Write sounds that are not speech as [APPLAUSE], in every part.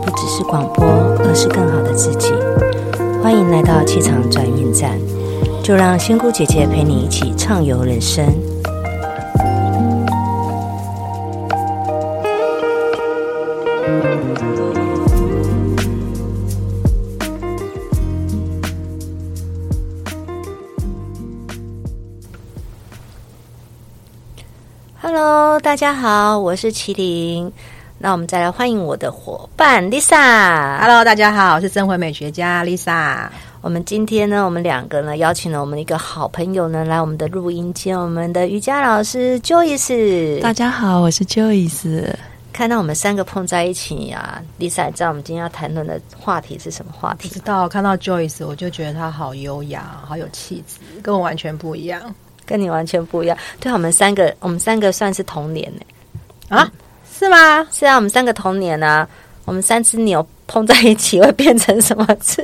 不只是廣播，而是更好的自己。歡迎來到氣場轉運站，就讓仙姑姐姐陪你一起暢遊人生。Hello，大家好，我是麒麟。那我們再來歡迎我的夥伴 Lisa。Hello，大家好，我是生活美學家 Lisa。我們今天呢，我們兩個呢邀請了我們一個好朋友呢來我們的錄音間，我們的瑜伽老師 Joyce。大家好，我是 Joyce。看到我們三個碰在一起啊，Lisa 知道我們今天要談論的話題是什麼話題嗎？我知道。看到 Joyce，我就覺得她好優雅，好有氣質，跟我完全不一樣。跟你完全不一樣。對、啊，我們三個，我們三個算是同年呢、欸。啊？啊是嗎？是啊，我們三個同年啊，我們三隻牛碰在一起會變成什麼字？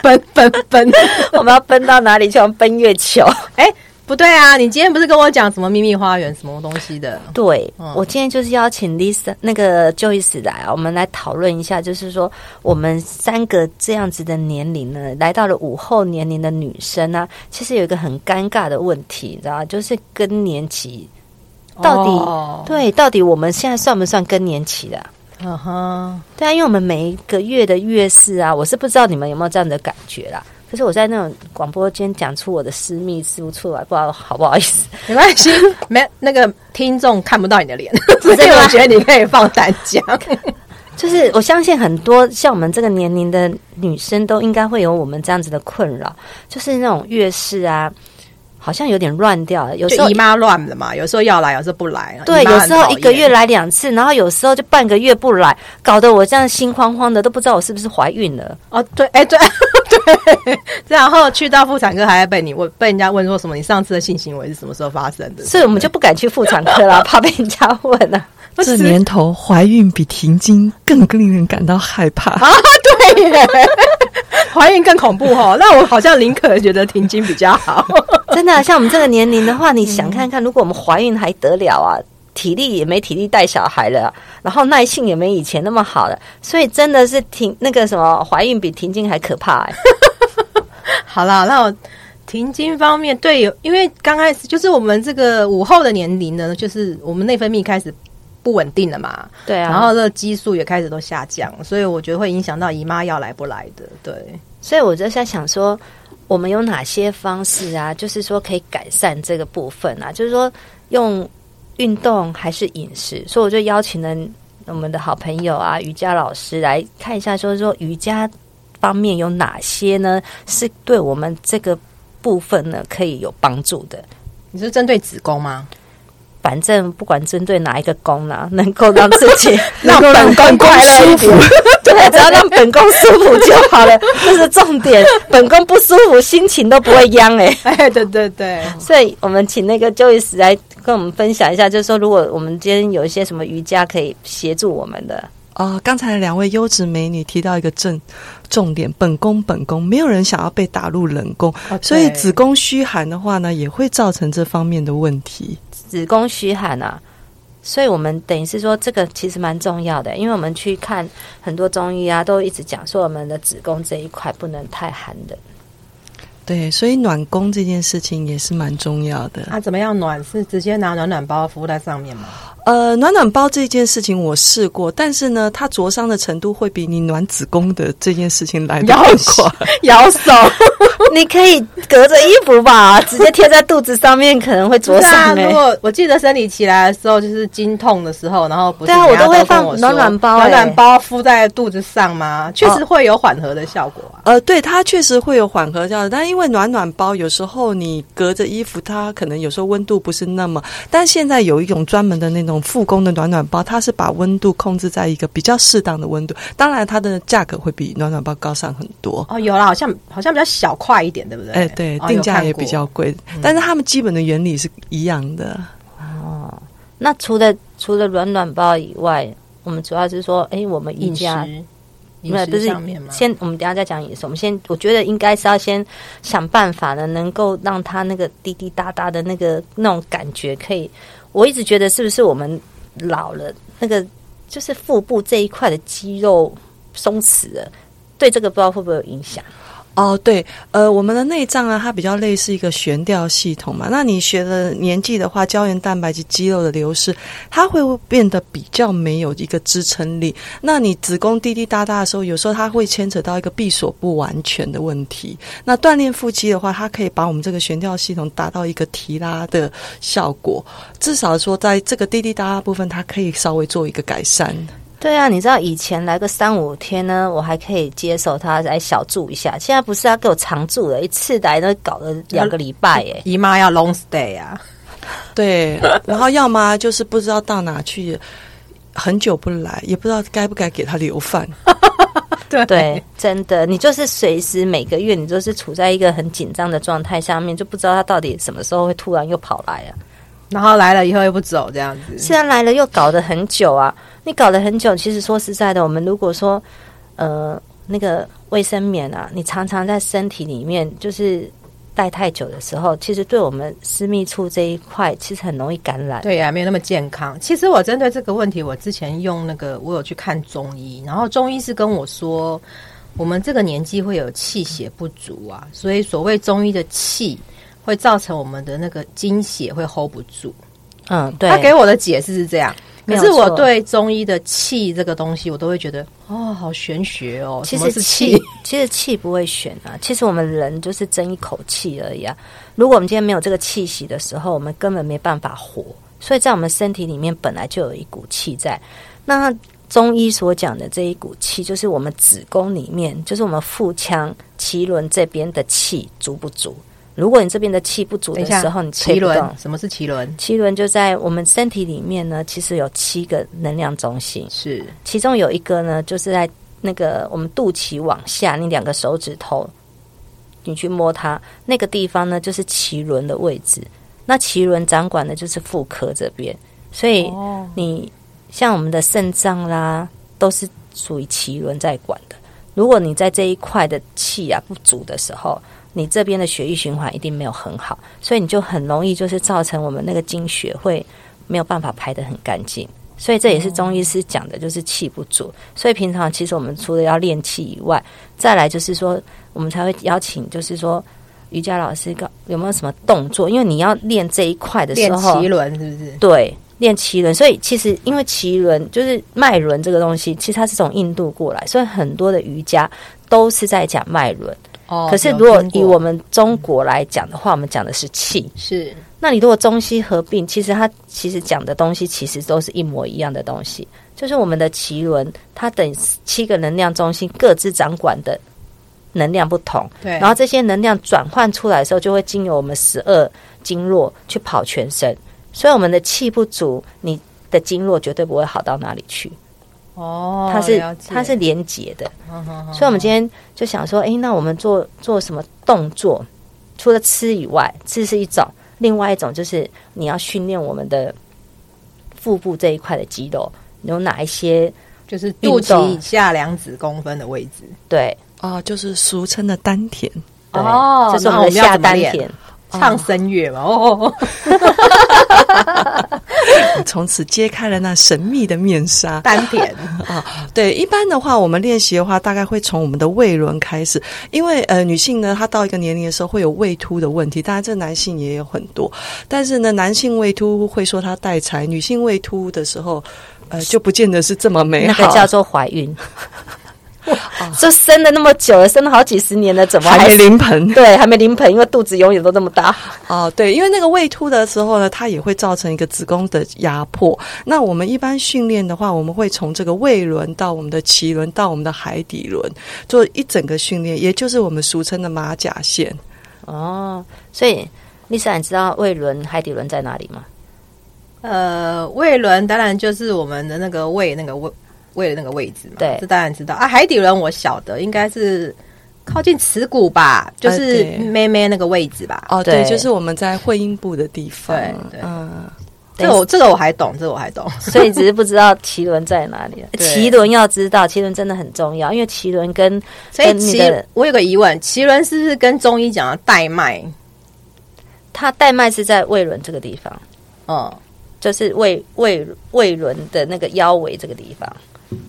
奔奔奔！ [LAUGHS] 我們要奔到哪裡去？我們奔月球？哎、欸，不對啊！你今天不是跟我講什麼秘密花園什麼東西的？對，嗯、我今天就是邀請 Lisa 那個 Joyce 來啊，我們來討論一下，就是說我們三個這樣子的年齡呢，來到了午後年齡的女生呢、啊，其實有一個很尷尬的問題，你知道嗎，就是更年期。到底、oh. 對，到底我們現在算不算更年期的、啊？嗯哼、uh，huh. 對啊，因為我們每一個月的月事啊，我是不知道你們有沒有這樣的感覺啦。可是我在那種廣播間講出我的私密事出來，不知道好不好意思？沒關係， [LAUGHS] 沒那個聽眾看不到你的臉，所以是 [LAUGHS] 我覺得你可以放膽講。OK， [LAUGHS] 就是我相信很多像我們這個年齡的女生都應該會有我們這樣子的困擾，就是那種月事啊。好像有點亂掉了，有時候姨媽亂了嘛，有時候要來，有時候不來。對，有時候一個月來兩次，然後有時候就半個月不來，搞得我這樣心慌慌的，都不知道我是不是懷孕了。哦，對，哎，對，對，然後去到婦產科還要被你問，被人家問說什麼？你上次的性行為是什麼時候發生的？所以我們就不敢去婦產科了， [LAUGHS] 怕被人家問了。這年頭，懷孕比停經更令人感到害怕啊！對耶， [LAUGHS] 懷孕更恐怖哈、哦。那 [LAUGHS] 我好像林可覺得停經比較好，真的、啊。像我們這個年齡的話，你想看看，如果我們懷孕還得了啊？嗯、體力也沒體力帶小孩了，然後耐性也沒以前那麼好了，所以真的是停那個什麼懷孕比停經還可怕哎。 [LAUGHS] 好了，那我停經方面，對，因為剛開始就是我們這個午後的年齡呢，就是我們內分泌開始。不穩定了嘛，對啊，然後這個激素，也開始都下降，所以我覺得會影響到姨媽要來不來的，對。所以我就在想說，我們有哪些方式啊？就是說可以改善這個部分啊，就是說用運動還是飲食？所以我就邀請了我們的好朋友啊，瑜伽老師來看一下說，說說瑜伽方面有哪些呢？是對我們這個部分呢可以有幫助的？你是針對子宮嗎？反正不管針對哪一個宮呢、啊，能夠讓自己讓本宮快樂一點，對， [LAUGHS] 只要讓本宮舒服就好了， [LAUGHS] 這是重點。本宮不舒服，心情都不會一樣哎。 [LAUGHS] 對對對，所以我們請那個 Joyce 來跟我們分享一下，就是說如果我們今天有一些什麼瑜伽可以協助我們的哦，剛才兩位優質美女提到一個重重點，本宮本宮沒有人想要被打入冷宮，Okay. 所以子宮虛寒的話呢，也會造成這方面的問題。子宮虛寒啊，所以我們等於是說，這個其實蠻重要的，欸，因為我們去看很多中醫啊，都一直講說，我們的子宮這一塊不能太寒冷。對，所以暖宮這件事情也是蠻重要的。那，啊，怎麼樣暖？是直接拿暖暖包敷在上面嗎？呃，暖暖包這件事情我試過，但是呢，它灼傷的程度會比你暖子宮的這件事情來得要快。咬手， [LAUGHS] 你可以隔着衣服吧， [LAUGHS] 直接貼在肚子上面可能會灼傷、欸啊。如果我記得生理期來的時候就是經痛的時候，然後不是？對啊，都我，我都會放暖暖包，對暖暖包敷在肚子上嗎？確實會有緩和的效果、啊。哦、呃，對，它確實會有緩和效果，但因為暖暖包有時候你隔着衣服，它可能有時候溫度不是那麼。但現在有一種專門的那種。復工的暖暖包，它是把溫度控制在一個比較適當的溫度，當然它的價格會比暖暖包高上很多。哦，有了，好像好像比較小塊一點，對不對？哎、欸，對，哦、定價也比較貴，嗯、但是它們基本的原理是一樣的。哦，那除了除了暖暖包以外，我們主要是說，哎、欸，我們一家，你們不是先，我們等一下再講也是我們先，我覺得應該是要先想辦法呢，能夠讓它那個滴滴答答的那個那種感覺可以。我一直覺得，是不是我們老了，那個就是腹部這一塊的肌肉鬆弛了，對這個不知道會不會有影響？哦，oh, 對，呃，我們的內臟啊，它比較類似一個懸吊系統嘛。那你學了年紀的話，膠原蛋白及肌肉的流失，它會變得比較沒有一個支撐力。那你子宮滴滴答答的時候，有時候它會牽扯到一個閉鎖不完全的問題。那鍛鍊腹肌的話，它可以把我們這個懸吊系統達到一個提拉的效果，至少說在這個滴滴答答部分，它可以稍微做一個改善。對啊，你知道以前來個三五天呢，我還可以接受他來小住一下。現在不是要給我常住了，一次來都搞了兩個禮拜耶。姨媽要 long stay 啊， [LAUGHS] 對。然後要麼就是不知道到哪去，很久不來，也不知道該不該給他留飯。 [LAUGHS] 對對，真的，你就是隨時每個月，你就是處在一個很緊張的狀態下面，就不知道他到底什麼時候會突然又跑來了，啊， [LAUGHS] 然後來了以後又不走這樣子。現在、啊、來了又搞得很久啊。你搞了很久，其實說實在的，我們如果說，呃，那個衛生棉啊，你常常在身體裡面就是待太久的時候，其實對我們私密處這一塊其實很容易感染。對呀、啊，沒有那麼健康。其實我針對這個問題，我之前用那個我有去看中醫，然後中醫是跟我說，我們這個年紀會有氣血不足啊，所以所謂中醫的氣會造成我們的那個精血會 hold 不住。嗯，對，他給我的解釋是這樣，可是我對中醫的氣這個東西，我都會覺得哦，好玄學哦。其實是氣，其實氣不會玄啊，其實我們人就是爭一口氣而已啊。如果我們今天沒有這個氣息的時候，我們根本沒辦法活。所以在我們身體裡面本來就有一股氣在，那中醫所講的這一股氣，就是我們子宮裡面，就是我們腹腔臍輪這邊的氣足不足。如果你這邊的氣不足的時候，你臍輪。什麼是臍輪？臍輪就在我們身體裡面呢，其實有七個能量中心，是其中有一個呢，就是在那個我們肚臍往下那兩個手指頭，你去摸它那個地方呢，就是臍輪的位置。那臍輪掌管的就是婦科這邊，所以你、哦、像我們的腎臟啦，都是屬於臍輪在管的。如果你在這一塊的氣啊不足的時候，你這邊的血液循環一定沒有很好，所以你就很容易就是造成我們那個經血會沒有辦法排得很乾淨，所以這也是中醫師講的，嗯、就是氣不足。所以平常其實我們除了要練氣以外，再來就是說，我們才會邀請就是說瑜伽老師，有沒有什麼動作？因為你要練這一塊的時候，練輪是不是？對，練奇輪。所以其實因為奇輪就是脈輪這個東西，其實它是從印度過來，所以很多的瑜伽都是在講脈輪。可是，如果以我們中國來講的話，哦、我們講的是氣。是，那你如果中西合并，其實它其實講的東西其實都是一模一樣的東西，就是我們的臍輪，它等七個能量中心各自掌管的能量不同。對。然後這些能量轉換出來的時候，就會經由我們十二經絡去跑全身。所以，我們的氣不足，你的經絡絕對不會好到哪裡去。哦，它是它是連結的，好好好，所以我們今天就想說，哎、欸，那我們做做什麼動作？除了吃以外，吃是一種，另外一種就是你要訓練我們的腹部這一塊的肌肉，你有哪一些？就是肚臍下兩指公分的位置，對，哦，就是俗稱的丹田，對，這、哦、是我們的下丹田。唱聲樂嘛，哦，哦，哦、 [LAUGHS] 從此揭開了那神秘的面紗。單點甜啊、哦，對，一般的話，我們練習的話，大概會從我們的胃輪開始，因為呃，女性呢，她到一個年齡的時候會有胃突的問題，當然這男性也有很多，但是呢，男性胃突會說他帶財，女性胃突的時候，呃，就不見得是這麼美好，那個叫做懷孕。就這哇、哦、生了那麼久了，生了好幾十年了，怎麼還沒臨盆？盆，對，還沒臨盆，因為肚子永遠都那麼大。哦，對，因為那個胃凸的時候呢，它也會造成一個子宮的壓迫。那我們一般訓練的話，我們會從這個胃輪到我們的臍輪到我們的海底輪做一整個訓練，也就是我們俗稱的馬甲線。哦，所以麗莎，你知道胃輪、海底輪在哪裡嗎？呃，胃輪當然就是我們的那個胃，那個胃。為了那個位置嘛，對，這當然知道啊。海底輪我曉得，應該是靠近恥骨吧，就是妹妹那個位置吧。呃、哦，對,對,對，就是我們在會陰部的地方。對，嗯，呃、這個我這個我還懂，這個我還懂。所以你只是不知道臍輪在哪裡。臍輪 [LAUGHS] 對要知道，臍輪真的很重要，因為臍輪跟所以臍，我有個疑問，臍輪是不是跟中醫講的帶脈？他帶脈是在胃輪這個地方，哦、嗯，就是胃胃胃輪的那個腰圍這個地方。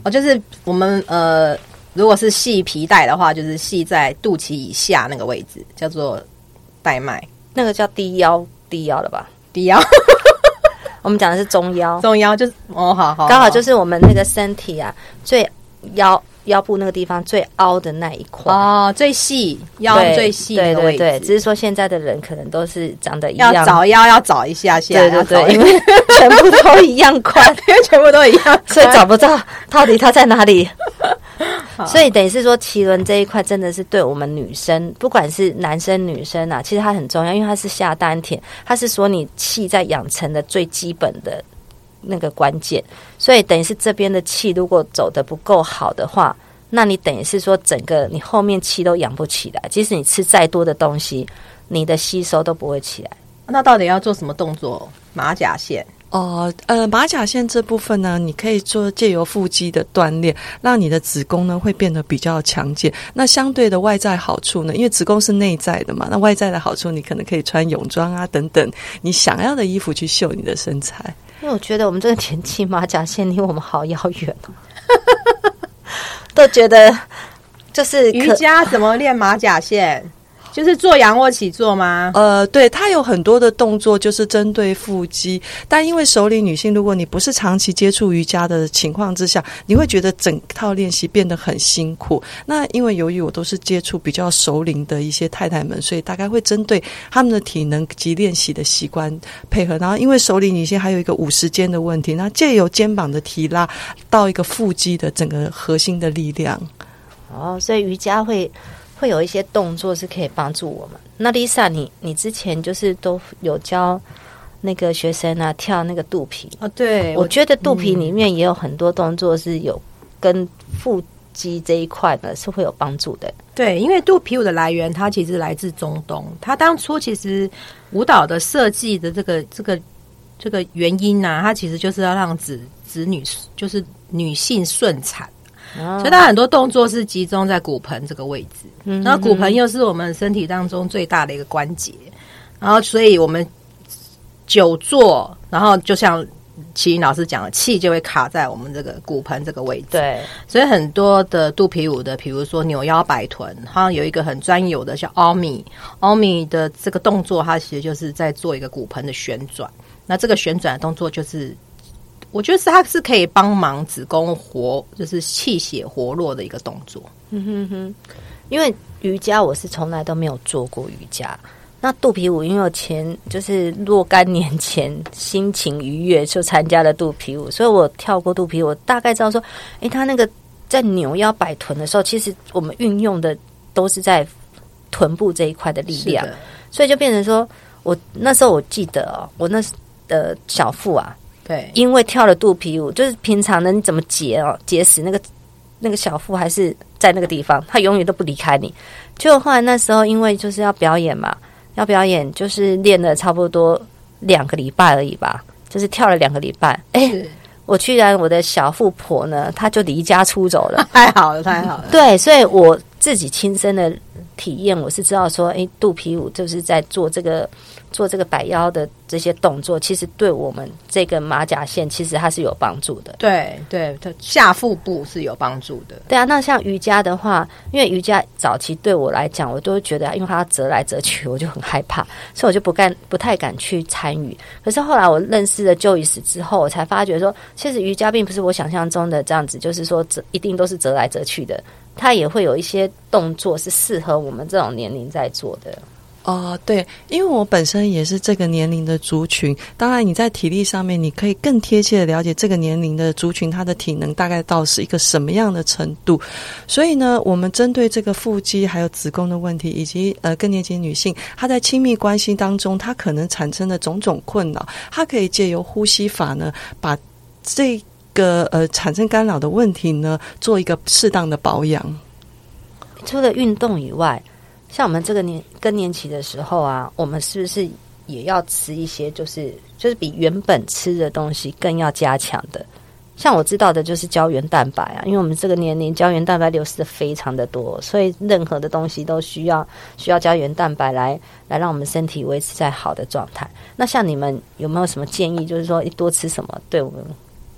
哦，就是我們呃，如果是繫皮帶的話，就是繫在肚臍以下那個位置，叫做帶脈，那個叫低腰，低腰了吧？低腰， [LAUGHS] 我們講的是中腰，中腰就是哦，好好，好，剛好就是我們那個身體啊，最腰。腰部那個地方最凹的那一塊哦，最細腰最細的對，對對對，只是說現在的人可能都是長得一樣，要找腰要找一下下，對對對，一因為全部都一樣寬， [LAUGHS] 因為全部都一樣，所以找不到到底它在哪裡。 [LAUGHS] 好所以等於是說，臍輪這一塊真的是對我們女生，不管是男生女生啊，其實它很重要，因為它是下丹田，它是說你氣在養成的最基本的。那個關鍵，所以等於是這邊的氣如果走得不夠好的話，那你等於是說整個你後面氣都養不起來，即使你吃再多的東西，你的吸收都不會起來。那到底要做什麼動作？馬甲線。哦，呃，馬甲線這部分呢，你可以做借由腹肌的鍛鍊，讓你的子宮呢會變得比較強健。那相對的外在好處呢，因為子宮是內在的嘛，那外在的好處你可能可以穿泳裝啊等等，你想要的衣服去秀你的身材。因為我覺得我們這個年紀馬甲線離我們好遙遠哦、啊， [LAUGHS] [LAUGHS] 都覺得就是瑜伽怎麼練馬甲線？就是做仰臥起坐嗎？呃，對，它有很多的動作，就是針對腹肌。但因為熟齡女性，如果你不是長期接觸瑜伽的情況之下，你會覺得整套練習變得很辛苦。那因為由於我都是接觸比較熟齡的一些太太們，所以大概會針對她們的體能及練習的習慣配合。然後因為熟齡女性還有一個五十肩的問題，那借由肩膀的提拉到一個腹肌的整個核心的力量。哦，所以瑜伽會。會有一些動作是可以幫助我們。那 Lisa，你你之前就是都有教那個學生啊，跳那個肚皮啊。哦、對，我覺得肚皮裡面也有很多動作是有跟腹肌這一塊的是會有幫助的。對，因為肚皮舞的來源，它其實來自中東。它當初其實舞蹈的設計的這個這個這個原因呢、啊，它其實就是要讓子子女就是女性順產。所以它很多動作是集中在骨盆這個位置，那、嗯、骨盆又是我們身體當中最大的一個關節。然後，所以我們久坐，然後就像齊老師講的，氣就會卡在我們這個骨盆這個位置。對，所以很多的肚皮舞的，比如說扭腰擺臀，好像有一個很專有的叫奧米。奧米的這個動作，它其實就是在做一個骨盆的旋轉。那這個旋轉動作就是。我覺得是，它是可以幫忙子宮活，就是氣血活絡的一個動作。嗯哼哼，因為瑜伽我是從來都沒有做過瑜伽，那肚皮舞因為我前就是若干年前心情愉悅就參加了肚皮舞，所以我跳過肚皮舞，我大概知道說，哎，他那個在扭腰擺臀的時候，其實我們運用的都是在臀部這一塊的力量，的所以就變成說我那時候我記得哦，我那時的、呃、小腹啊。對，因為跳了肚皮舞，就是平常呢，你怎麼節哦？節食、那個，那個那個小腹還是在那個地方，它永遠都不離開你。就後來那時候，因為就是要表演嘛，要表演就是練了差不多兩個禮拜而已吧，就是跳了兩個禮拜。哎是，我居然我的小富婆呢，她就離家出走了， [LAUGHS] 太好了，太好了。 [LAUGHS] 對，所以我自己親身的，體驗。我是知道說，誒、欸、肚皮舞就是在做這個做這個擺腰的這些動作，其實對我們這個馬甲線其實它是有幫助的。對對，它下腹部是有幫助的。對啊，那像瑜伽的話，因為瑜伽早期對我來講，我都覺得、啊、因為它折來折去，我就很害怕，所以我就不敢不太敢去參與。可是後來我認識了 Joyce 之後，我才發覺說，其實瑜伽並不是我想象中的這樣子，就是說折一定都是折來折去的。它也會有一些動作是適合我們這種年齡在做的。哦，對，因為我本身也是這個年齡的族群，當然你在體力上面，你可以更貼切的了解這個年齡的族群，他的體能大概到是一個什麼樣的程度。所以呢，我們針對這個腹肌還有子宮的問題，以及呃更年期女性她在親密關係當中，她可能產生的種種困擾，她可以借由呼吸法呢把這。個呃，產生干擾的問題呢，做一個適當的保養。除了運動以外，像我們這個年更年期的時候啊，我們是不是也要吃一些？就是就是比原本吃的東西更要加強的。像我知道的，就是膠原蛋白啊，因為我們這個年齡膠原蛋白流失的非常的多，所以任何的東西都需要需要膠原蛋白來來讓我們身體維持在好的狀態。那像你們有沒有什麼建議？就是說一多吃什麼對我們？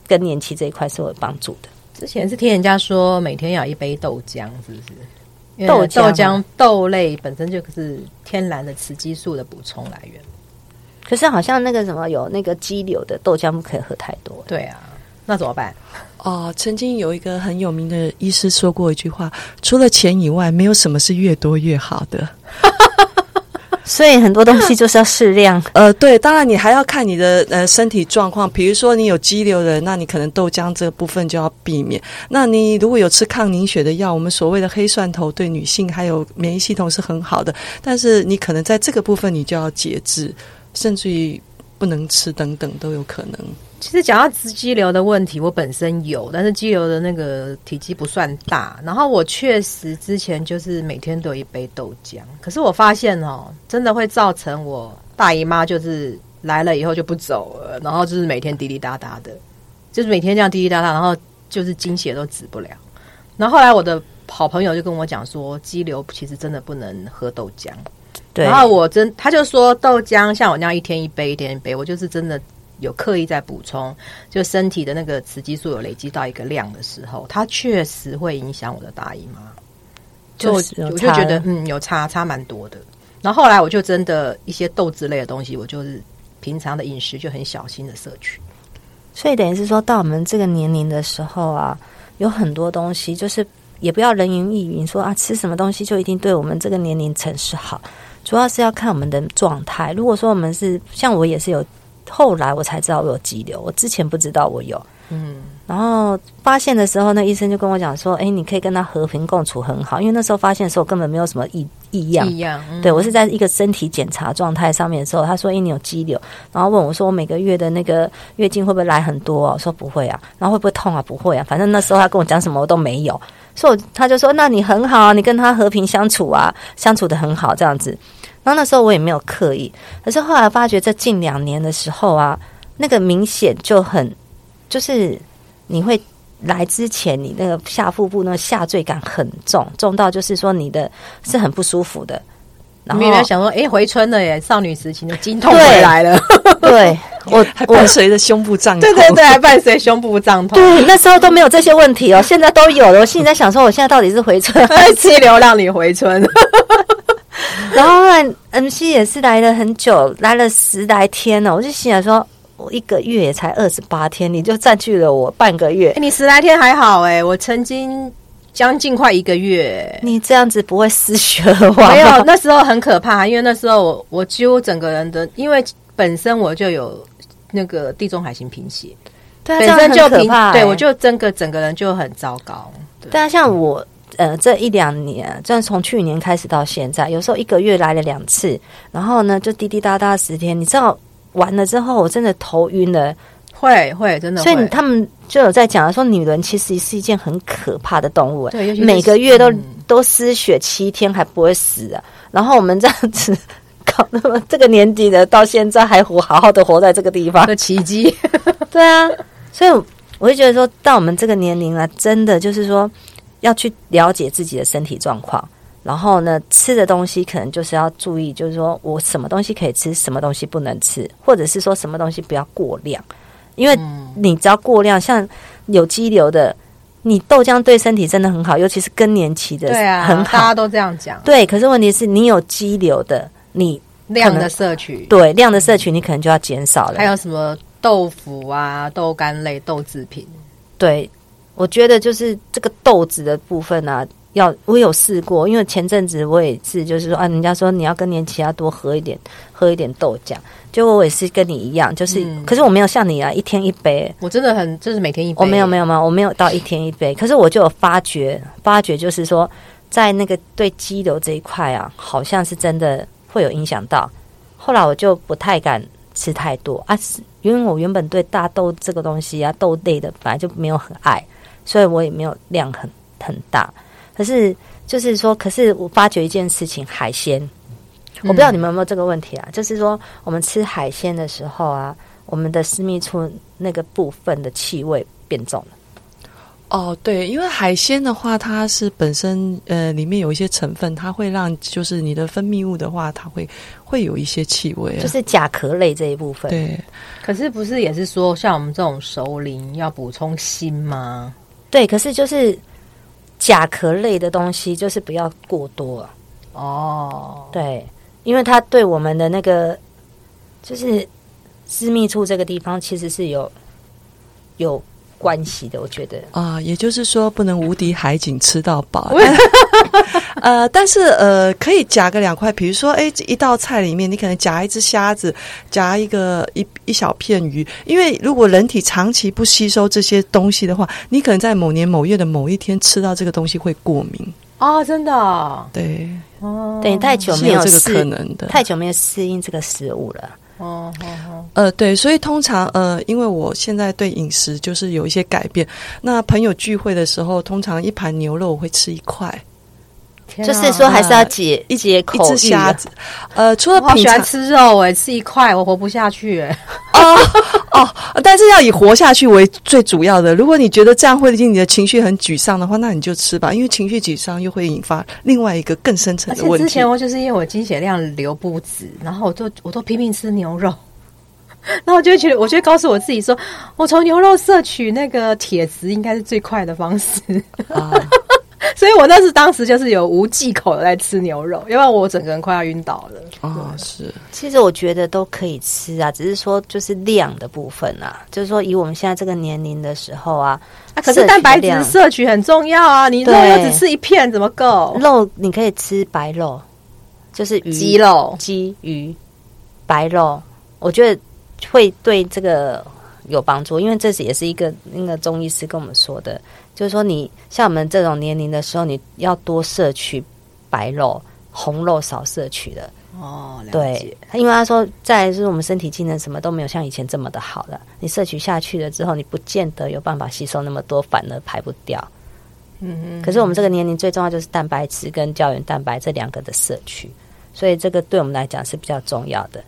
更年期這一塊是有幫助的。之前是聽人家說，每天要一杯豆漿，是不是？豆豆漿豆類本身就是天然的雌激素的補充來源。可是好像那個什麼有那個肌瘤的豆漿不可以喝太多。對啊，那怎麼辦？哦、呃，曾經有一個很有名的醫師說過一句話：除了錢以外，沒有什麼是越多越好的。 [LAUGHS] 所以很多東西就是要適量。嗯，呃，對，當然你還要看你的呃身體狀況。比如說你有肌瘤的人，那你可能豆漿這部分就要避免。那你如果有吃抗凝血的藥，我們所謂的黑蒜頭對女性還有免疫系統是很好的，但是你可能在這個部分你就要節制，甚至於不能吃等等都有可能。其實講到肌瘤的問題，我本身有，但是肌瘤的那個體積不算大。然後我確實之前就是每天都有一杯豆漿，可是我發現哦，真的會造成我大姨媽就是來了以後就不走了，然後就是每天滴滴答答的，就是每天這樣滴滴答答，然後就是經血都止不了。然後後來我的好朋友就跟我講說，肌瘤其實真的不能喝豆漿。對。然後我真，他就說豆漿像我那樣一天一杯，一天一杯，我就是真的。有刻意在補充，就身體的那個雌激素有累積到一個量的時候，它確實會影響我的大姨媽。就是我就覺得嗯，有差差蠻多的。然後後來我就真的一些豆子類的東西，我就是平常的飲食就很小心的攝取。所以等於是說到我們這個年齡的時候啊，有很多東西就是也不要人云亦云，說啊吃什麼東西就一定對我們這個年齡層是好，主要是要看我們的狀態。如果說我們是像我也是有。後來我才知道我有肌瘤，我之前不知道我有。嗯。然後發現的時候，那醫生就跟我講說：“誒，你可以跟他和平共處，很好。因為那時候發現的時候，根本沒有什麼異樣異樣。嗯、對我是在一個身體檢查狀態上面的時候，他說：‘誒，你有肌瘤。’然後問我說：‘我每個月的那個月經會不會來很多？’我說：‘不會啊。’然後會不會痛啊？不會啊。反正那時候他跟我講什麼，我都沒有。所以，他就說：‘那你很好啊，你跟他和平相處啊，相處得很好這樣子。’然後那時候我也沒有刻意。可是後來發覺，這近兩年的時候啊，那個明顯就很就是。你會來之前，你那個下腹部那個下墜感很重，重到就是說你的是很不舒服的。然後你沒有想說，哎、欸，回春了耶，少女時期的經痛也來了，對， [LAUGHS] 對，我還伴隨着胸部脹痛，對對對，還伴隨胸部脹痛。對，那時候都沒有這些問題哦、喔，現在都有了。我心裡在想說，我現在到底是回春還是？是氣流讓你回春。 [LAUGHS] 然後，後，M C 也是來了很久，來了十來天了、喔，我就心想說。我一個月才二十八天，你就佔據了我半個月。欸、你十來天還好誒、欸，我曾經將近快一個月，你這樣子不會失血話沒有，那時候很可怕，因為那時候我我幾乎整個人的，因為本身我就有那個地中海型貧血、欸平，對，本身就可怕，對，我就整個整個人就很糟糕。但、啊、像我呃，這一兩年、啊，這樣從去年開始到現在，有時候一個月來了兩次，然後呢就滴滴答答十天，你知道。完了之後，我真的頭暈了，會會真的會，所以他們就有在講說，女人其實是一件很可怕的動物、欸，每個月都、嗯、都失血七天還不會死啊，然後我們這樣子，搞，那麼這個年紀的到現在還活好好的活在這個地方的奇蹟， [LAUGHS] 對啊，所以我就覺得說到我們這個年齡了、啊，真的就是說要去了解自己的身體狀況。然後呢，吃的東西可能就是要注意，就是說我什麼東西可以吃，什麼東西不能吃，或者是說什麼東西不要過量，因為你只要過量，像有肌瘤的，你豆漿對身體真的很好，尤其是更年期的，對啊，很好，大家都這樣講，對。可是問題是，你有肌瘤的，你量的攝取，對，量的攝取，你可能就要減少了。還有什麼豆腐啊、豆干類、豆制品？對，我覺得就是這個豆子的部分呢、啊。要我有試過，因為前陣子我也是，就是說啊，人家說你要更年期要多喝一點，嗯、喝一點豆漿。結果我也是跟你一樣，就是，嗯、可是我沒有像你啊，一天一杯。我真的很就是每天一杯。我沒有沒有沒有，我沒有到一天一杯。 [LAUGHS] 可是我就有發覺，發覺就是說，在那個對肌瘤這一塊啊，好像是真的會有影響到。後來我就不太敢吃太多啊，因為我原本對大豆這個東西啊，豆類的本來就沒有很愛，所以我也沒有量很很大。可是，就是說，可是我發覺一件事情，海鮮，嗯、我不知道你們有沒有這個問題啊？嗯、就是說，我們吃海鮮的時候啊，我們的私密處那個部分的氣味變重了。哦，對，因為海鮮的話，它是本身呃裡面有一些成分，它會讓就是你的分泌物的話，它會會有一些氣味，啊，就是甲殼類這一部分。對，可是不是也是說，像我們這種熟齡要補充鋅嗎？對，可是就是。甲殼類的東西就是不要過多哦、啊，oh. 對，因為它對我們的那個就是私密處這個地方其實是有有關係的，我覺得啊、呃，也就是說不能無敵海景吃到飽。 [LAUGHS] [LAUGHS] 呃，但是呃，可以夾個兩塊，比如說，哎、欸，一道菜裡面你可能夾一隻蝦子，夾一個一一小片魚，因為如果人體長期不吸收這些東西的話，你可能在某年某月的某一天吃到這個東西會過敏。哦，真的、哦，對，哦，等太久沒有這個可能的，太久沒有適應這個食物了。哦，好好，呃，對，所以通常呃，因為我現在對飲食就是有一些改變，那朋友聚會的時候，通常一盤牛肉我會吃一塊。啊、就是說，還是要解、呃、一解口蝦子呃，除了不喜歡吃肉，我也吃一塊我活不下去，哎、哦。哦 [LAUGHS] 哦，但是要以活下去為最主要的。如果你覺得這樣會令你的情緒很沮喪的話，那你就吃吧，因為情緒沮喪又會引發另外一個更深層的問題。之前我就是因為我精血量流不止，然後我都我都拼命吃牛肉，然後我就會覺得，我就告訴我自己說，我從牛肉攝取那個鐵質應該是最快的方式。啊所以，我那是當時就是有無忌口的在吃牛肉，因為我整個人快要暈倒了。啊，是，對其實我覺得都可以吃啊，只是說就是量的部分啊，就是說以我們現在這個年齡的時候啊，啊，可是蛋白質攝取，取很重要啊，你肉又只吃一片對怎麼夠？肉你可以吃白肉，就是雞肉、雞、魚、白肉，我覺得會對這個有幫助，因為這是也是一個那個中醫師跟我們說的。就是說你，你像我們這種年齡的時候，你要多攝取白肉、紅肉少攝取的哦。了解。對，因為他說，再就是我們身體機能什麼都沒有像以前這麼的好了。你攝取下去了之後，你不見得有辦法吸收那麼多，反而排不掉。嗯嗯哼。可是我們這個年齡最重要就是蛋白質跟膠原蛋白這兩個的攝取，所以這個對我們來講是比較重要的。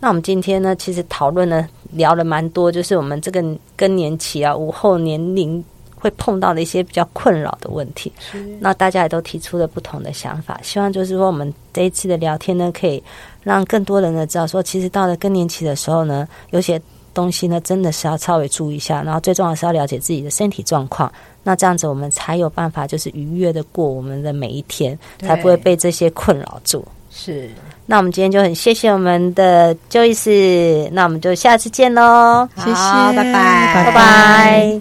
那我們今天呢，其實討論呢聊了蠻多，就是我們這個更年期啊，午後年齡會碰到的一些比較困擾的問題，是那大家也都提出了不同的想法。希望就是說，我們這一次的聊天呢，可以讓更多人呢知道，說其實到了更年期的時候呢，有些東西呢真的是要稍微注意一下。然後最重要的是要了解自己的身體狀況，那這樣子我們才有辦法就是愉悅的過我們的每一天，對才不會被這些困擾住。是，那我們今天就很謝謝我們的周醫師，那我們就下次見嘍，好謝謝，拜拜，拜拜。拜拜。